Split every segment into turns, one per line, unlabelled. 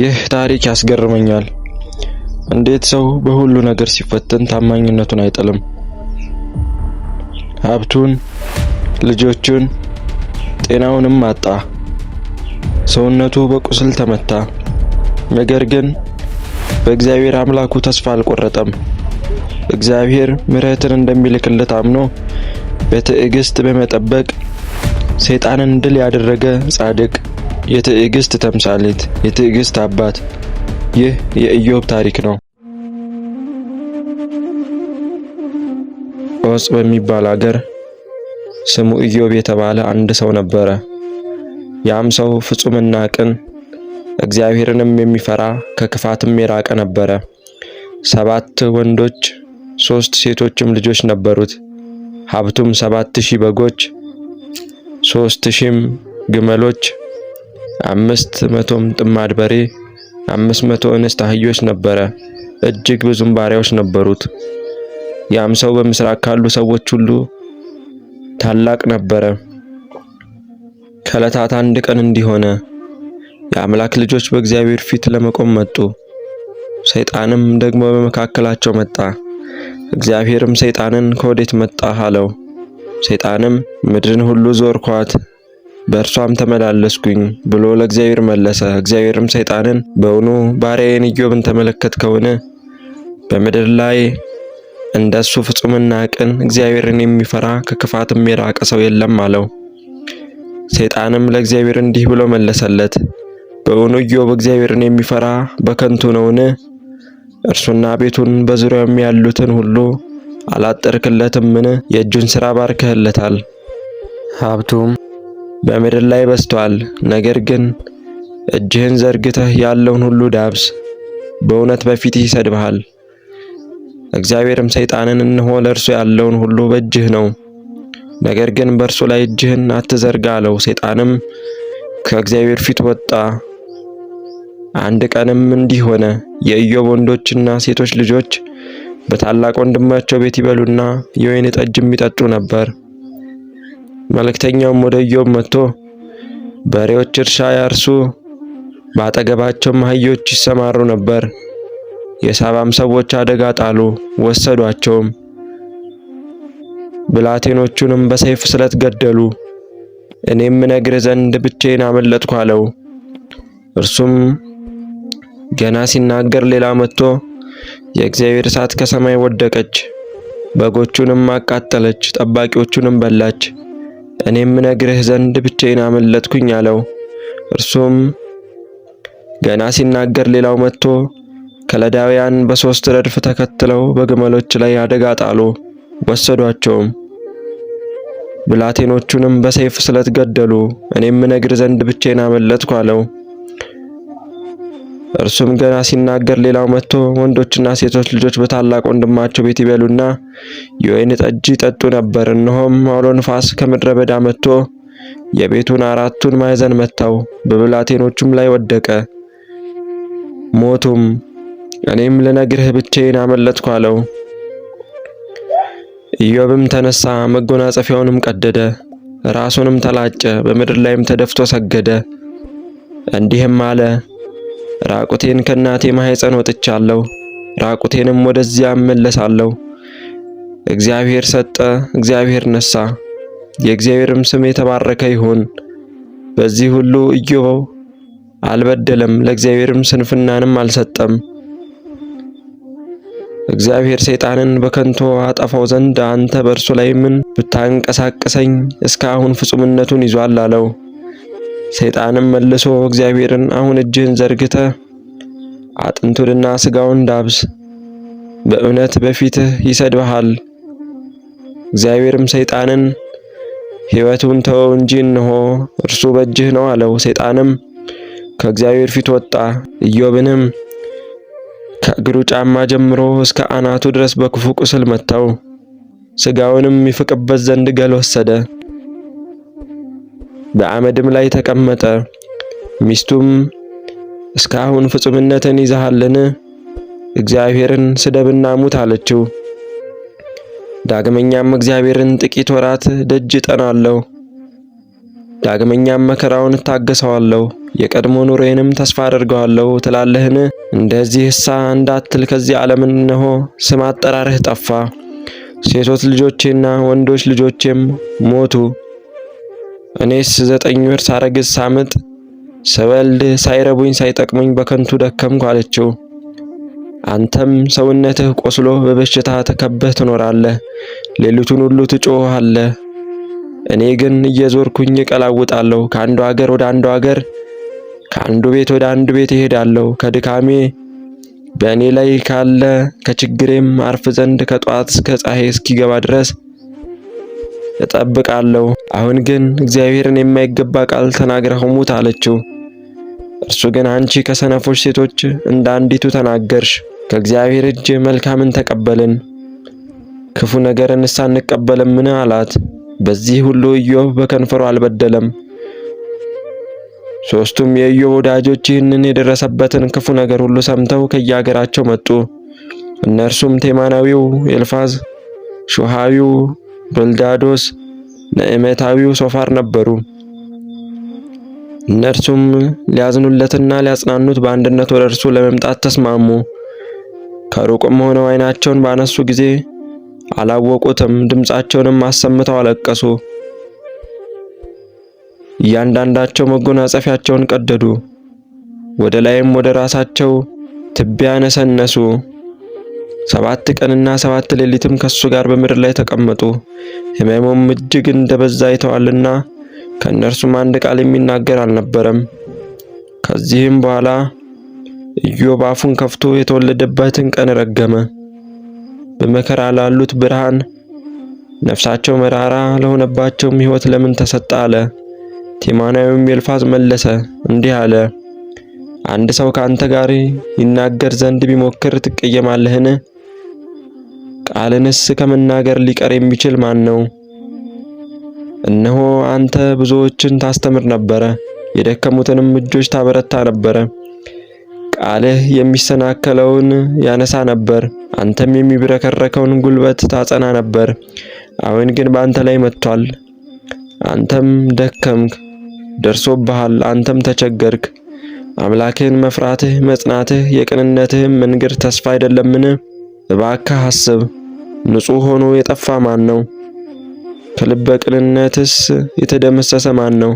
ይህ ታሪክ ያስገርመኛል። እንዴት ሰው በሁሉ ነገር ሲፈተን ታማኝነቱን አይጥልም? ሀብቱን፣ ልጆቹን፣ ጤናውንም አጣ። ሰውነቱ በቁስል ተመታ። ነገር ግን በእግዚአብሔር አምላኩ ተስፋ አልቆረጠም። እግዚአብሔር ምሕረትን እንደሚልክለት አምኖ በትዕግስት በመጠበቅ ሰይጣንን ድል ያደረገ ጻድቅ የትዕግስት ተምሳሌት፣ የትዕግስት አባት። ይህ የኢዮብ ታሪክ ነው። ዖፅ በሚባል አገር ስሙ ኢዮብ የተባለ አንድ ሰው ነበረ። ያም ሰው ፍጹምና ቅን እግዚአብሔርንም የሚፈራ ከክፋትም የራቀ ነበረ። ሰባት ወንዶች ሶስት ሴቶችም ልጆች ነበሩት። ሀብቱም ሰባት ሺህ በጎች ሶስት ሺህም ግመሎች አምስት መቶም ጥማድ በሬ፣ አምስት መቶ እንስት አህዮች ነበረ። እጅግ ብዙም ባሪያዎች ነበሩት። ያም ሰው በምስራቅ ካሉ ሰዎች ሁሉ ታላቅ ነበረ። ከዕለታት አንድ ቀን እንዲሆነ የአምላክ ልጆች በእግዚአብሔር ፊት ለመቆም መጡ። ሰይጣንም ደግሞ በመካከላቸው መጣ። እግዚአብሔርም ሰይጣንን ከወዴት መጣህ አለው። ሰይጣንም ምድርን ሁሉ ዞርኳት በእርሷም ተመላለስኩኝ ብሎ ለእግዚአብሔር መለሰ። እግዚአብሔርም ሰይጣንን በውኑ ባሪያዬን ኢዮብን ተመለከት ከሆነ በምድር ላይ እንደሱ ፍጹምና ቅን እግዚአብሔርን የሚፈራ ከክፋትም የራቀ ሰው የለም አለው። ሰይጣንም ለእግዚአብሔር እንዲህ ብሎ መለሰለት፣ በእውኑ ኢዮብ እግዚአብሔርን የሚፈራ በከንቱ ነውን? እርሱና ቤቱን በዙሪያውም ያሉትን ሁሉ አላጠርክለትምን? የእጁን ሥራ ባርከህለታል። ሀብቱም በምድር ላይ በዝቷል። ነገር ግን እጅህን ዘርግተህ ያለውን ሁሉ ዳብስ፣ በእውነት በፊትህ ይሰድብሃል። እግዚአብሔርም ሰይጣንን እነሆ ለእርሱ ያለውን ሁሉ በእጅህ ነው፣ ነገር ግን በእርሱ ላይ እጅህን አትዘርጋ አለው። ሰይጣንም ከእግዚአብሔር ፊት ወጣ። አንድ ቀንም እንዲህ ሆነ፣ የኢዮብ ወንዶችና ሴቶች ልጆች በታላቅ ወንድማቸው ቤት ይበሉና የወይን ጠጅም ይጠጡ ነበር። መልእክተኛውም ወደ ኢዮብ መጥቶ በሬዎች እርሻ ያርሱ፣ በአጠገባቸውም አህዮች ይሰማሩ ነበር። የሳባም ሰዎች አደጋ ጣሉ፣ ወሰዷቸውም፣ ብላቴኖቹንም በሰይፍ ስለት ገደሉ። እኔም እነግር ዘንድ ብቼን አመለጥኩ አለው። እርሱም ገና ሲናገር ሌላ መጥቶ የእግዚአብሔር እሳት ከሰማይ ወደቀች፣ በጎቹንም አቃጠለች፣ ጠባቂዎቹንም በላች። እኔም ነግርህ ዘንድ ብቻዬን አመለጥኩኝ አለው። እርሱም ገና ሲናገር ሌላው መጥቶ ከለዳውያን በሶስት ረድፍ ተከትለው በግመሎች ላይ አደጋ ጣሉ፣ ወሰዷቸውም። ብላቴኖቹንም በሰይፍ ስለት ገደሉ። እኔም ነግር ዘንድ ብቻዬን አመለጥኩ አለው። እርሱም ገና ሲናገር ሌላው መጥቶ ወንዶችና ሴቶች ልጆች በታላቅ ወንድማቸው ቤት ይበሉና የወይን ጠጅ ይጠጡ ነበር። እነሆም አውሎ ንፋስ ከምድረ በዳ መጥቶ የቤቱን አራቱን ማዕዘን መታው፣ በብላቴኖቹም ላይ ወደቀ፣ ሞቱም። እኔም ልነግርህ ብቻዬን አመለጥኩ አለው። ኢዮብም ተነሳ፣ መጎናጸፊያውንም ቀደደ፣ ራሱንም ተላጨ፣ በምድር ላይም ተደፍቶ ሰገደ፣ እንዲህም አለ ራቁቴን ከእናቴ ማህፀን ወጥቻለሁ፣ ራቁቴንም ወደዚያ እመለሳለሁ። እግዚአብሔር ሰጠ፣ እግዚአብሔር ነሳ፣ የእግዚአብሔርም ስም የተባረከ ይሁን። በዚህ ሁሉ ኢዮብ አልበደለም፣ ለእግዚአብሔርም ስንፍናንም አልሰጠም። እግዚአብሔር ሰይጣንን በከንቶ አጠፋው ዘንድ አንተ በእርሱ ላይ ምን ብታንቀሳቅሰኝ እስካሁን ፍጹምነቱን ይዟል አለው። ሰይጣንም መልሶ እግዚአብሔርን አሁን እጅህን ዘርግተ አጥንቱንና ስጋውን ዳብስ፣ በእውነት በፊትህ ይሰድብሃል። እግዚአብሔርም ሰይጣንን ሕይወቱን ተወው እንጂ እንሆ እርሱ በእጅህ ነው አለው። ሰይጣንም ከእግዚአብሔር ፊት ወጣ። ኢዮብንም ከእግሩ ጫማ ጀምሮ እስከ አናቱ ድረስ በክፉ ቁስል መታው። ስጋውንም ይፍቅበት ዘንድ ገል ወሰደ። በአመድም ላይ ተቀመጠ። ሚስቱም እስካሁን ፍጹምነትን ይዘሃልን? እግዚአብሔርን ስደብና ሙት አለችው። ዳግመኛም እግዚአብሔርን ጥቂት ወራት ደጅ እጠናለሁ፣ ዳግመኛም መከራውን እታገሰዋለሁ፣ የቀድሞ ኑሮዬንም ተስፋ አድርገዋለሁ ትላለህን? እንደዚህ እሳ እንዳትል ከዚህ ዓለም እነሆ ስም አጠራርህ ጠፋ። ሴቶች ልጆቼና ወንዶች ልጆቼም ሞቱ። እኔስ ዘጠኝ ወር ሳረግዝ ሳምጥ ስወልድ ሳይረቡኝ ሳይጠቅሙኝ በከንቱ ደከምኩ አለችው። አንተም ሰውነትህ ቆስሎ በበሽታ ተከበህ ትኖራለህ፣ ሌሊቱን ሁሉ ትጮሃለህ። እኔ ግን እየዞርኩኝ እቀላውጣለሁ። ከአንዱ አገር ወደ አንዱ አገር፣ ከአንዱ ቤት ወደ አንዱ ቤት እሄዳለሁ። ከድካሜ በእኔ ላይ ካለ ከችግሬም አርፍ ዘንድ ከጧት እስከ ፀሐይ እስኪገባ ድረስ እጠብቃለሁ። አሁን ግን እግዚአብሔርን የማይገባ ቃል ተናግረህ ሙት አለችው። እርሱ ግን አንቺ ከሰነፎች ሴቶች እንደ አንዲቱ ተናገርሽ፣ ከእግዚአብሔር እጅ መልካምን ተቀበልን፣ ክፉ ነገርንስ ምን አላት። በዚህ ሁሉ ኢዮብ በከንፈሩ አልበደለም። ሦስቱም የኢዮብ ወዳጆች ይህንን የደረሰበትን ክፉ ነገር ሁሉ ሰምተው ከየአገራቸው መጡ። እነርሱም ቴማናዊው ኤልፋዝ፣ ሹሃዊው በልዳዶስ ነእመታዊው ሶፋር ነበሩ። እነርሱም ሊያዝኑለትና ሊያጽናኑት በአንድነት ወደ እርሱ ለመምጣት ተስማሙ። ከሩቅም ሆነው ዓይናቸውን ባነሱ ጊዜ አላወቁትም፣ ድምፃቸውንም አሰምተው አለቀሱ። እያንዳንዳቸው መጎናጸፊያቸውን ቀደዱ፣ ወደ ላይም ወደ ራሳቸው ትቢያ ነሰነሱ። ሰባት ቀንና ሰባት ሌሊትም ከእሱ ጋር በምድር ላይ ተቀመጡ። ሕመሙም እጅግ እንደበዛ አይተዋልና ከእነርሱም አንድ ቃል የሚናገር አልነበረም። ከዚህም በኋላ ኢዮብ አፉን ከፍቶ የተወለደበትን ቀን ረገመ። በመከራ ላሉት ብርሃን፣ ነፍሳቸው መራራ ለሆነባቸውም ሕይወት ለምን ተሰጠ አለ። ቴማናዊውም ኤልፋዝ መለሰ እንዲህ አለ አንድ ሰው ከአንተ ጋር ይናገር ዘንድ ቢሞክር ትቀየማለህን? ቃልንስ ከመናገር ሊቀር የሚችል ማን ነው? እነሆ አንተ ብዙዎችን ታስተምር ነበረ፣ የደከሙትንም እጆች ታበረታ ነበረ። ቃልህ የሚሰናከለውን ያነሳ ነበር፣ አንተም የሚብረከረከውን ጉልበት ታጸና ነበር። አሁን ግን በአንተ ላይ መጥቷል። አንተም ደከምክ፣ ደርሶብሃል፣ አንተም ተቸገርክ። አምላክህን መፍራትህ መጽናትህ የቅንነትህም መንገድ ተስፋ አይደለምን? እባክህ አስብ። ንጹሕ ሆኖ የጠፋ ማን ነው? ከልበ ቅንነትስ የተደመሰሰ ማን ነው?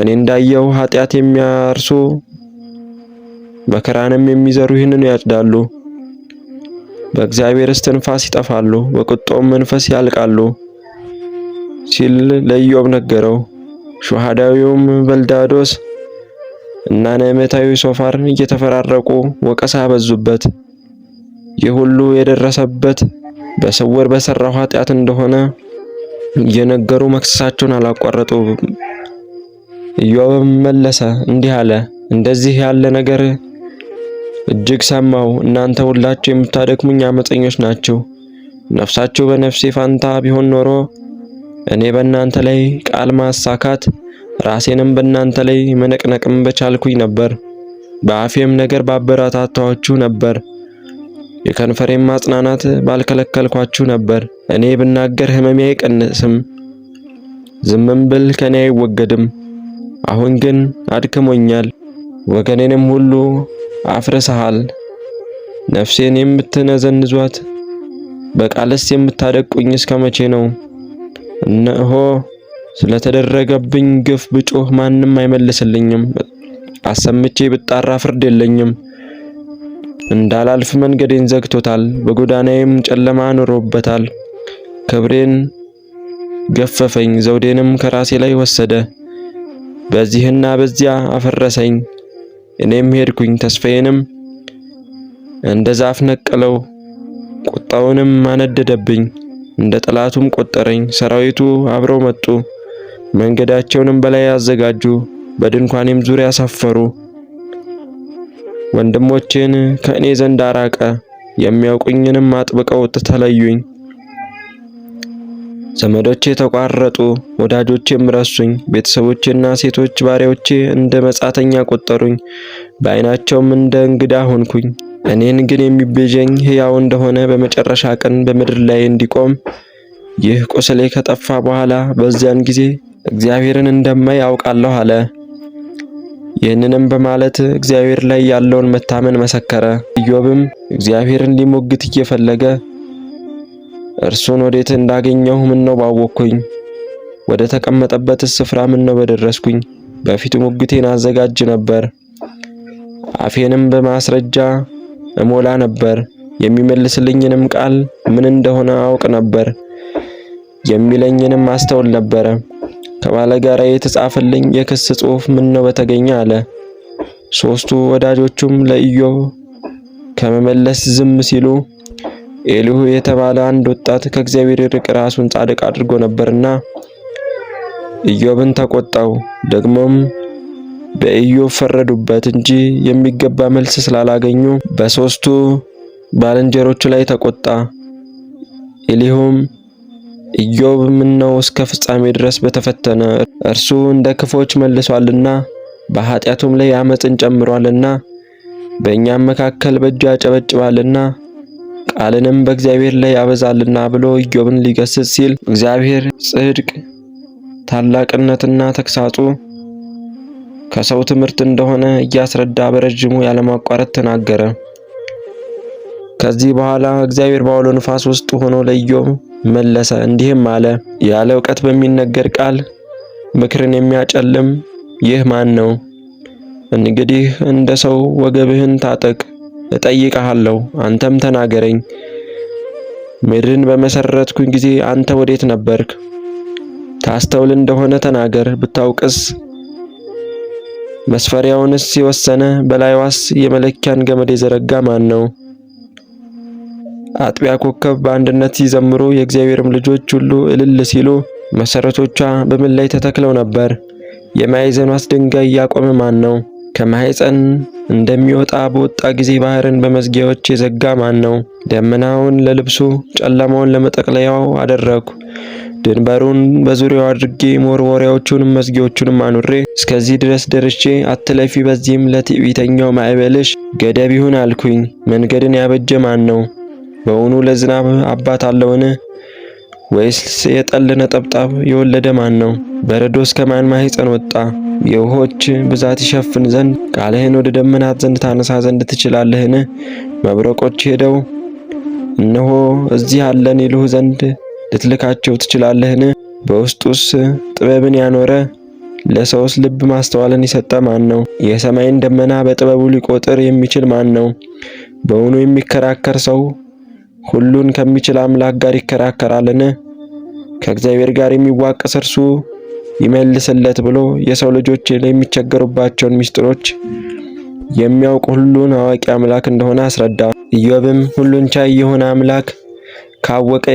እኔ እንዳየው ኃጢአት የሚያርሱ መከራንም የሚዘሩ ይህንን ያጭዳሉ። በእግዚአብሔር እስትንፋስ ይጠፋሉ፣ በቁጣውም መንፈስ ያልቃሉ ሲል ለኢዮብ ነገረው። ሹሃዳዊውም በልዳዶስ እና ነዕማታዊ ሶፋር እየተፈራረቁ ወቀሳ በዙበት! ይህ ሁሉ የደረሰበት በስውር በሰራው ኃጢአት እንደሆነ እየነገሩ መክሰሳቸውን አላቋረጡ። ኢዮብም መለሰ እንዲህ አለ፣ እንደዚህ ያለ ነገር እጅግ ሰማው እናንተ ሁላችሁ የምታደክሙኝ አመፀኞች ናችሁ። ነፍሳችሁ በነፍሴ ፋንታ ቢሆን ኖሮ እኔ በእናንተ ላይ ቃል ማሳካት ራሴንም በእናንተ ላይ መነቅነቅም በቻልኩኝ ነበር፣ በአፌም ነገር ባበረታታችሁ ነበር። የከንፈሬን ማጽናናት ባልከለከልኳችሁ ነበር። እኔ ብናገር ህመሜ አይቀንስም፣ ዝምም ብል ከኔ አይወገድም። አሁን ግን አድክሞኛል፣ ወገኔንም ሁሉ አፍርሰሃል። ነፍሴን የምትነዘንዟት በቃልስ የምታደቁኝ እስከ መቼ ነው? እነሆ ስለተደረገብኝ ግፍ ብጮህ ማንም አይመልስልኝም። አሰምቼ ብጣራ ፍርድ የለኝም። እንዳላልፍ መንገዴን ዘግቶታል፣ በጎዳናዬም ጨለማ ኖሮበታል። ክብሬን ገፈፈኝ፣ ዘውዴንም ከራሴ ላይ ወሰደ። በዚህና በዚያ አፈረሰኝ። እኔም ሄድኩኝ፣ ተስፋዬንም እንደ ዛፍ ነቀለው፣ ቁጣውንም አነደደብኝ፣ እንደ ጠላቱም ቆጠረኝ። ሰራዊቱ አብረው መጡ፣ መንገዳቸውንም በላይ አዘጋጁ፣ በድንኳኔም ዙሪያ ሰፈሩ። ወንድሞቼን ከእኔ ዘንድ አራቀ፣ የሚያውቁኝንም አጥብቀው ተለዩኝ። ዘመዶቼ ተቋረጡ፣ ወዳጆቼም ረሱኝ። ቤተሰቦቼና ሴቶች ባሪያዎቼ እንደ መጻተኛ ቆጠሩኝ፣ በዓይናቸውም እንደ እንግዳ ሆንኩኝ። እኔን ግን የሚቤዠኝ ሕያው እንደሆነ በመጨረሻ ቀን በምድር ላይ እንዲቆም ይህ ቁስሌ ከጠፋ በኋላ በዚያን ጊዜ እግዚአብሔርን እንደማይ አውቃለሁ አለ። ይህንንም በማለት እግዚአብሔር ላይ ያለውን መታመን መሰከረ። ኢዮብም እግዚአብሔርን ሊሞግት እየፈለገ እርሱን ወዴት እንዳገኘሁ ምነው ባወቅኩኝ፣ ወደ ተቀመጠበት ስፍራ ነው በደረስኩኝ። በፊቱ ሙግቴን አዘጋጅ ነበር፣ አፌንም በማስረጃ እሞላ ነበር፣ የሚመልስልኝንም ቃል ምን እንደሆነ አውቅ ነበር፣ የሚለኝንም አስተውል ነበረ። ከባለጋራ የተጻፈልኝ የክስ ጽሑፍ ምን ነው በተገኘ አለ። ሶስቱ ወዳጆቹም ለኢዮብ ከመመለስ ዝም ሲሉ ኤሊሁ የተባለ አንድ ወጣት ከእግዚአብሔር ይርቅ ራሱን ጻድቅ አድርጎ ነበርና ኢዮብን ተቆጣው። ደግሞም በኢዮብ ፈረዱበት እንጂ የሚገባ መልስ ስላላገኙ በሶስቱ ባልንጀሮቹ ላይ ተቆጣ። ኤሊሁም ኢዮብ ምነው እስከ ፍጻሜ ድረስ በተፈተነ እርሱ እንደ ክፎች መልሷልና በኃጢአቱም ላይ አመፅን ጨምሯልና በእኛም መካከል በእጁ ያጨበጭባልና ቃልንም በእግዚአብሔር ላይ ያበዛልና ብሎ ኢዮብን ሊገስጽ ሲል እግዚአብሔር ጽድቅ ታላቅነትና ተግሳጹ ከሰው ትምህርት እንደሆነ እያስረዳ በረጅሙ ያለማቋረጥ ተናገረ። ከዚህ በኋላ እግዚአብሔር በአውሎ ንፋስ ውስጥ ሆኖ ለኢዮብ መለሰ እንዲህም አለ፣ ያለ እውቀት በሚነገር ቃል ምክርን የሚያጨልም ይህ ማን ነው? እንግዲህ እንደ ሰው ወገብህን ታጠቅ፣ እጠይቅሃለሁ፣ አንተም ተናገረኝ። ምድርን በመሰረትኩኝ ጊዜ አንተ ወዴት ነበርክ? ታስተውል እንደሆነ ተናገር። ብታውቅስ መስፈሪያውንስ የወሰነ በላይዋስ የመለኪያን ገመድ የዘረጋ ማን ነው? አጥቢያ ኮከብ በአንድነት ሲዘምሩ የእግዚአብሔርም ልጆች ሁሉ እልል ሲሉ መሰረቶቿ በምን ላይ ተተክለው ነበር? የማዕዘኗስ ድንጋይ ያቆመ ማን ነው? ከማኅፀን እንደሚወጣ በወጣ ጊዜ ባህርን በመዝጊያዎች የዘጋ ማን ነው? ደመናውን ለልብሱ ጨለማውን ለመጠቅለያው አደረግኩ። ድንበሩን በዙሪያው አድርጌ መወርወሪያዎቹንም መዝጊያዎቹንም አኑሬ እስከዚህ ድረስ ደርቼ አትለፊ፣ በዚህም ለትዕቢተኛው ማዕበልሽ ገደብ ይሁን አልኩኝ። መንገድን ያበጀ ማን ነው? በውኑ ለዝናብ አባት አለውን? ወይስ የጠል ነጠብጣብ የወለደ ማን ነው? በረዶ ከማን ማን ወጣ? የውሆች ብዛት ይሸፍን ዘንድ ቃልህን ወደ ደመናት ዘንድ ታነሳ ዘንድ ትችላለህን? መብረቆች ሄደው እነሆ እዚህ አለን ይልሁ ዘንድ ልትልካቸው ትችላለህን? በውስጡስ ጥበብን ያኖረ ለሰውስ ልብ ማስተዋልን የሰጠ ማን ነው? የሰማይን ደመና በጥበቡ ሊቆጥር የሚችል ማን ነው? በውኑ የሚከራከር ሰው ሁሉን ከሚችል አምላክ ጋር ይከራከራልን? ከእግዚአብሔር ጋር የሚዋቀስ እርሱ ይመልስለት ብሎ የሰው ልጆች የሚቸገሩባቸውን ምስጢሮች የሚያውቅ ሁሉን አዋቂ አምላክ እንደሆነ አስረዳ። ኢዮብም ሁሉን ቻይ የሆነ አምላክ ካወቀ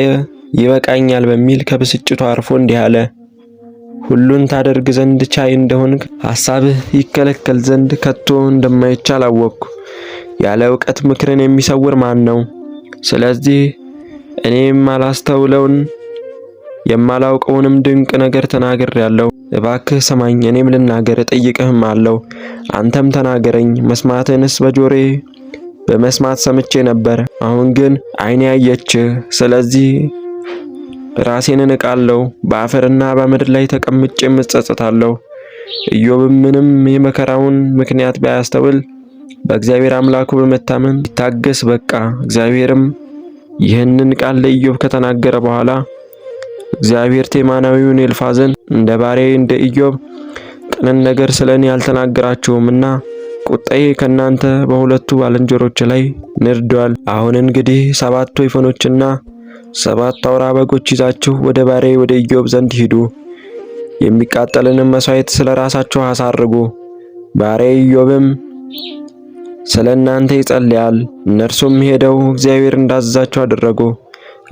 ይበቃኛል በሚል ከብስጭቱ አርፎ እንዲህ አለ። ሁሉን ታደርግ ዘንድ ቻይ እንደሆን ሐሳብህ ይከለከል ዘንድ ከቶ እንደማይቻል አወቅኩ። ያለ እውቀት ምክርን የሚሰውር ማን ነው? ስለዚህ እኔም አላስተውለውን የማላውቀውንም ድንቅ ነገር ተናገር ያለው እባክህ ሰማኝ፣ እኔም ልናገር እጠይቅህም አለው። አንተም ተናገረኝ፣ መስማትንስ በጆሬ በመስማት ሰምቼ ነበር፣ አሁን ግን ዓይኔ ያየችህ። ስለዚህ ራሴን እንቃለሁ፣ በአፈርና በምድር ላይ ተቀምጬም እጸጸታለሁ። ኢዮብም ምንም የመከራውን ምክንያት ባያስተውል በእግዚአብሔር አምላኩ በመታመን ይታገስ በቃ። እግዚአብሔርም ይህንን ቃል ለኢዮብ ከተናገረ በኋላ እግዚአብሔር ቴማናዊውን ኤልፋዘን እንደ ባሪያዬ እንደ ኢዮብ ቅንን ነገር ስለ እኔ አልተናገራችሁምና ቁጣዬ ከእናንተ በሁለቱ ባልንጀሮች ላይ ንርዷል። አሁን እንግዲህ ሰባት ወይፈኖችና ሰባት አውራ በጎች ይዛችሁ ወደ ባሪያዬ ወደ ኢዮብ ዘንድ ሂዱ፣ የሚቃጠልንም መሥዋዕት ስለ ራሳችሁ አሳርጉ። ባሪያዬ ኢዮብም ስለ እናንተ ይጸልያል። እነርሱም ሄደው እግዚአብሔር እንዳዘዛቸው አደረጉ።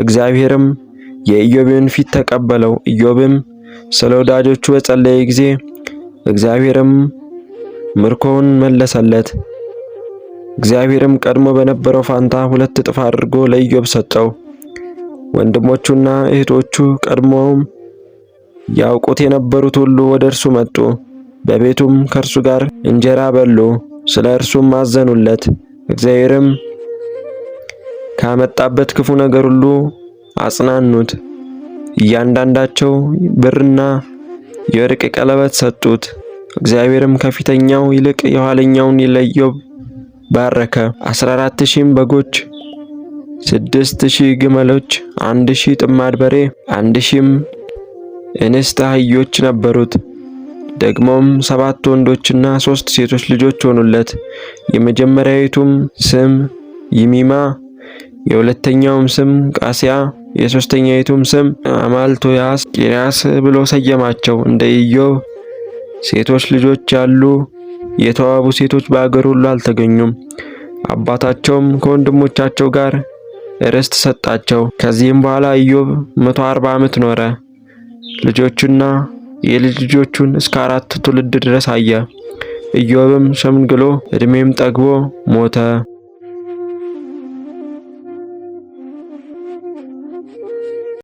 እግዚአብሔርም የኢዮብን ፊት ተቀበለው። ኢዮብም ስለ ወዳጆቹ በጸለየ ጊዜ እግዚአብሔርም ምርኮውን መለሰለት። እግዚአብሔርም ቀድሞ በነበረው ፋንታ ሁለት እጥፍ አድርጎ ለኢዮብ ሰጠው። ወንድሞቹና እህቶቹ ቀድሞም ያውቁት የነበሩት ሁሉ ወደ እርሱ መጡ። በቤቱም ከእርሱ ጋር እንጀራ በሉ። ስለ እርሱም አዘኑለት። እግዚአብሔርም ካመጣበት ክፉ ነገር ሁሉ አጽናኑት። እያንዳንዳቸው ብርና የወርቅ ቀለበት ሰጡት። እግዚአብሔርም ከፊተኛው ይልቅ የኋለኛውን ኢዮብ ባረከ። 14000 በጎች፣ 6000 ግመሎች፣ 1000 ጥማድ በሬ፣ 1000 እንስት አህዮች ነበሩት። ደግሞም ሰባት ወንዶችና ሶስት ሴቶች ልጆች ሆኑለት። የመጀመሪያዊቱም ስም ይሚማ፣ የሁለተኛውም ስም ቃሲያ፣ የሶስተኛይቱም ስም አማልቶያስ ቂርያስ ብሎ ሰየማቸው። እንደ ኢዮብ ሴቶች ልጆች ያሉ የተዋቡ ሴቶች በአገር ሁሉ አልተገኙም። አባታቸውም ከወንድሞቻቸው ጋር ርስት ሰጣቸው። ከዚህም በኋላ ኢዮብ መቶ ዓመት ኖረ። ልጆቹና የልጅ ልጆቹን እስከ አራት ትውልድ ድረስ አየ። ኢዮብም ሸምግሎ እድሜም ጠግቦ ሞተ።